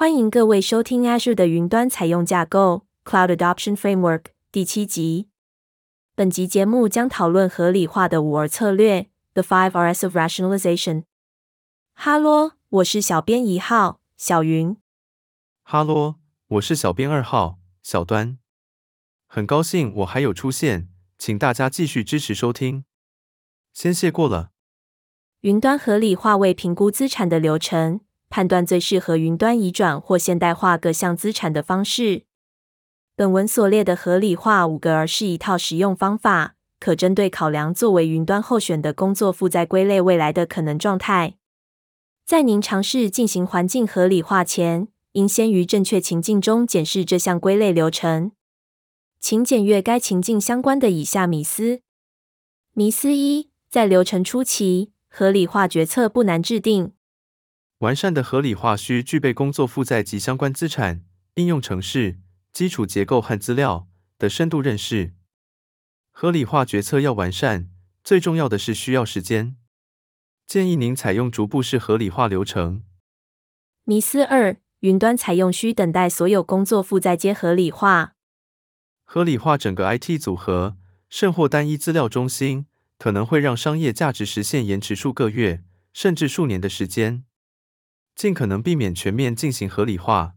歡迎各位收聽 Azure 的雲端採用架構 （Cloud Adoption Framework） 第七集。本集節目將討論合理化的五 R 策略 （The Five Rs of Rationalization）。哈嘍，我是小編一號小雲。哈嘍，我是小編二號小端。很高興我還有出現，請大家繼續支持收聽，先謝過了。雲端合理化為評估資產的流程。判斷最適合雲端移轉或現代化各項資產的方式。本文所列的合理化五 R 是一套實用方法，可針對考量作為雲端候選的工作負載歸類未來的可能狀態。在您嘗試進行環境合理化前，應先於正確情境中檢視這項歸類流程。請檢閱該情境相關的以下迷思：迷思一，在流程初期，合理化決策不難制定。完善的合理化需具備工作負載及相關資產、應用程式、基礎結構和資料的深度認識。合理化決策要完善，最重要的是需要時間。建議您採用逐步式合理化流程。迷思二：雲端採用需等待所有工作負載皆合理化。合理化整個 IT 組合，甚或單一資料中心，可能會讓商業價值實現延遲數個月，甚至數年的時間。盡可能避免全面進行合理化，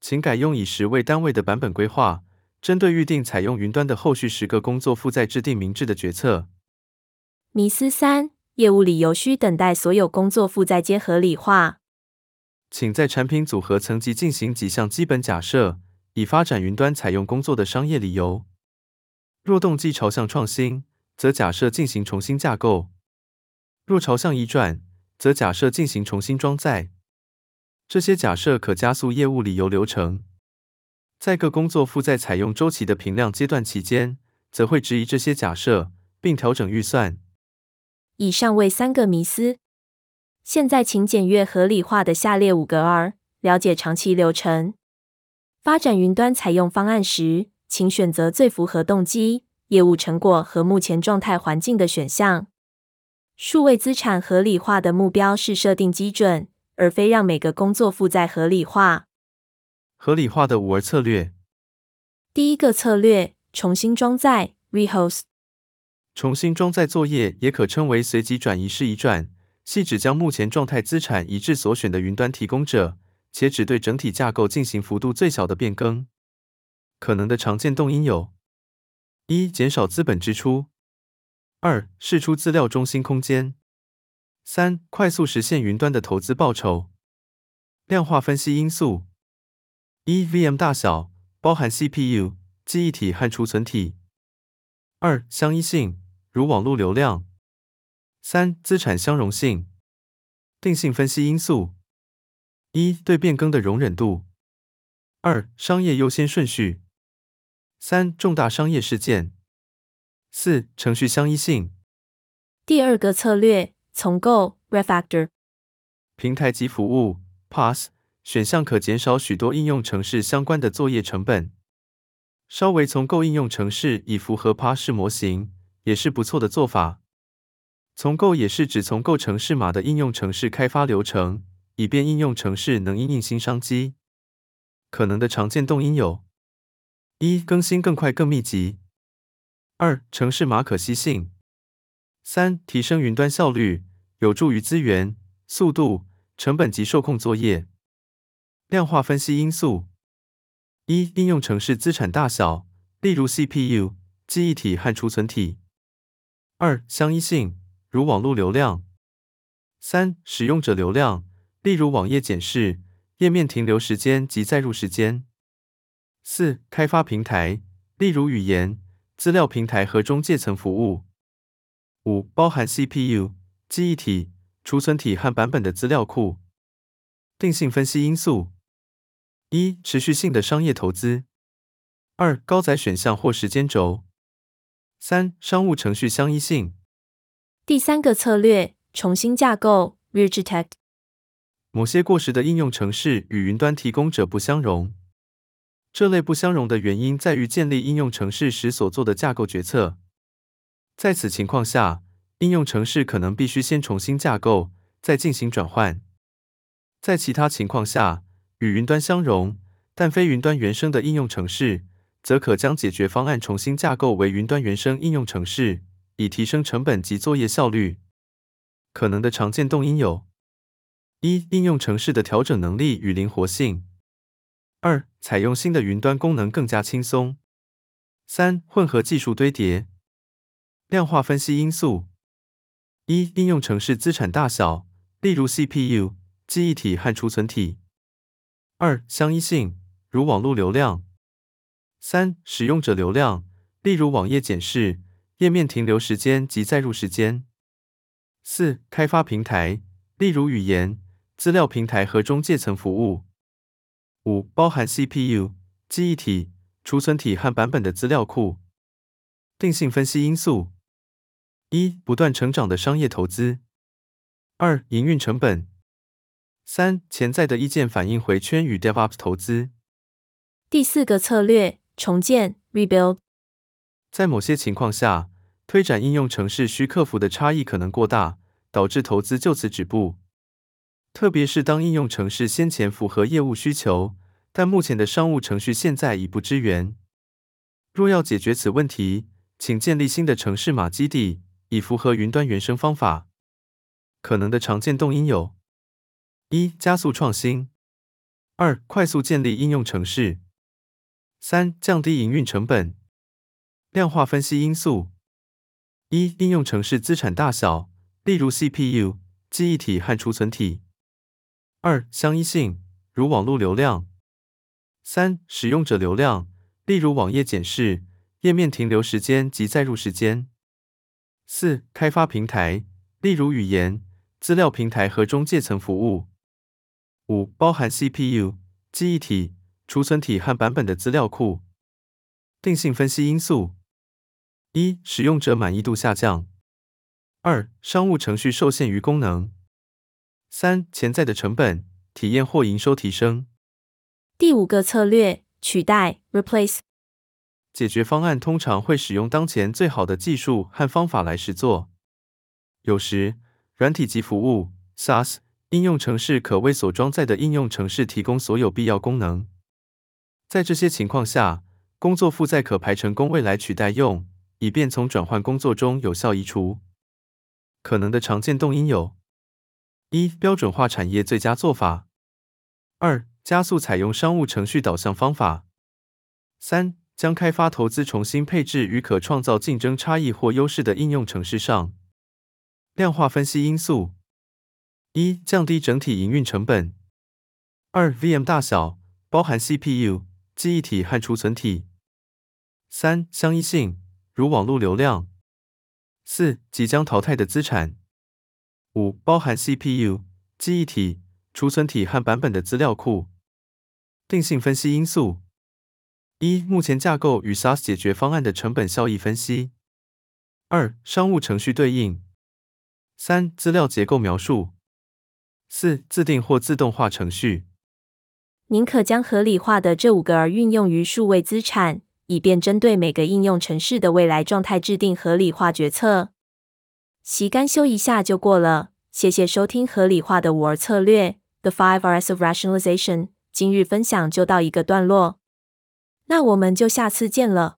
請改用以十為單位的版本規劃，針對預定採用雲端的後續十個工作負載制定明智的決策。迷思三：業務理由需等待所有工作負載皆合理化，請在產品組合層級進行幾項基本假設，以發展雲端採用工作的商業理由。若動機朝向創新，則假設進行重新架構；若朝向移轉，則假設進行重新裝載，這些假設可加速業務理由流程。在各工作負載採用週期的評量階段期間，則會質疑這些假設，並調整預算。以上為三個迷思。現在，請檢閱合理化的下列五個 R，了解長期流程。發展雲端採用方案時，請選擇最符合動機、業務成果和目前狀態環境的選項。數位資產合理化的目標是設定基準，而非讓每個工作負載合理化。合理化的五 R 策略，第一個策略重新裝載 （rehost）。Re 重新裝載作業也可稱為隨機轉移式移轉，係指將目前狀態資產移至所選的雲端提供者，且只對整體架構進行幅度最小的變更。可能的常見動因有：一、減少資本支出。二、釋出資料中心空間；三、快速實現雲端的投資報酬。量化分析因素：一、VM 大小，包含 CPU、記憶體和儲存體；二、相依性，如網絡流量；三、資產相容性。定性分析因素：一、對變更的容忍度；二、商業優先順序；三、重大商業事件。四、程序相依性。第二個策略重構 （Refactor）。Re 平台即服務 （PaaS） 選項可減少許多應用程式相關的作業成本。稍微重構應用程式以符合 PaaS 模型也是不錯的做法。重構也是指重構程式碼的應用程式開發流程，以便應用程式能因應新商機。可能的常見動因有：一、更新更快更密集。二、程式碼可攜性；三、提升雲端效率有助於資源、速度、成本及受控作業。量化分析因素：一、應用程式資產大小，例如 CPU、記憶體和儲存體；二、相依性，如網絡流量；三、使用者流量，例如網頁檢視、頁面停留時間及載入時間；四、開發平台，例如語言。資料平台和中介層服務。五、包含 CPU、記憶體、儲存體和版本的資料庫。定性分析因素：一、持續性的商業投資；二、高載選項或時間軸；三、商務程序相依性。第三個策略：重新架構。Rearchitect 某些過時的應用程式與雲端提供者不相容。這類不相容的原因在於建立應用程式時所做的架構決策。在此情況下，應用程式可能必須先重新架構，再進行轉換。在其他情況下，與雲端相容，但非雲端原生的應用程式，則可將解決方案重新架構為雲端原生應用程式，以提升成本及作業效率。可能的常見動因有：一、應用程式的調整能力與靈活性。二、採用新的雲端功能更加輕鬆。三、混合技術堆疊。量化分析因素：一、應用程式資產大小，例如 CPU、記憶體和儲存體；二、相依性，如網絡流量；三、使用者流量，例如網頁檢視、頁面停留時間及載入時間；四、開發平台，例如語言、資料平台和中介層服務。五、包含 CPU、記憶體、儲存體和版本的資料庫。定性分析因素：一、不斷成長的商業投資；二、營運成本；三、潛在的意見反應迴圈與 DevOps 投資。第四個策略：重建 （Rebuild）。Re 在某些情況下，推展應用程式需克服的差異可能過大，導致投資就此止步。特別是當應用程式先前符合業務需求，但目前的商務程序現在已不支援。若要解決此問題，請建立新的程式碼基地，以符合雲端原生方法。可能的常見動因有：一、加速創新；二、快速建立應用程式；三、降低營運成本。量化分析因素：一、應用程式資產大小，例如 CPU、記憶體和儲存體。二、相依性，如網絡流量；三、使用者流量，例如網頁檢視、頁面停留時間及載入時間；四、開發平台，例如語言、資料平台和中介層服務；五、包含 CPU、記憶體、儲存體和版本的資料庫。定性分析因素：一、使用者滿意度下降；二、商務程序受限於功能。三潛在的成本、體驗或營收提升。第五個策略：取代 （Replace）。解決方案通常會使用當前最好的技術和方法來實作。有時，軟體即服務 （SaaS） 應用程式可為所裝載的應用程式提供所有必要功能。在這些情況下，工作負載可排程供未來取代用，以便從轉換工作中有效移除。可能的常見動因有。一、標準化產業最佳做法；二、加速採用商務程序導向方法；三、將開發投資重新配置於可創造競爭差異或優勢的應用程式上。量化分析因素：一、降低整體營運成本；二、VM 大小包含 CPU、記憶體和儲存體；三、相依性，如網絡流量；四、即將淘汰的資產。五、包含 CPU、記憶體、儲存體和版本的資料庫。定性分析因素：一、目前架構與 SaaS 解決方案的成本效益分析；二、商務程序對應；三、資料結構描述；四、自訂或自動化程序。您可將合理化的這五個 R 運用於數位資產，以便針對每個應用程式的未來狀態制定合理化決策。洗乾修一下就過了，謝謝收聽合理化的五 R 策略 The Five R's of Rationalization。今日分享就到一個段落，那我們就下次見了。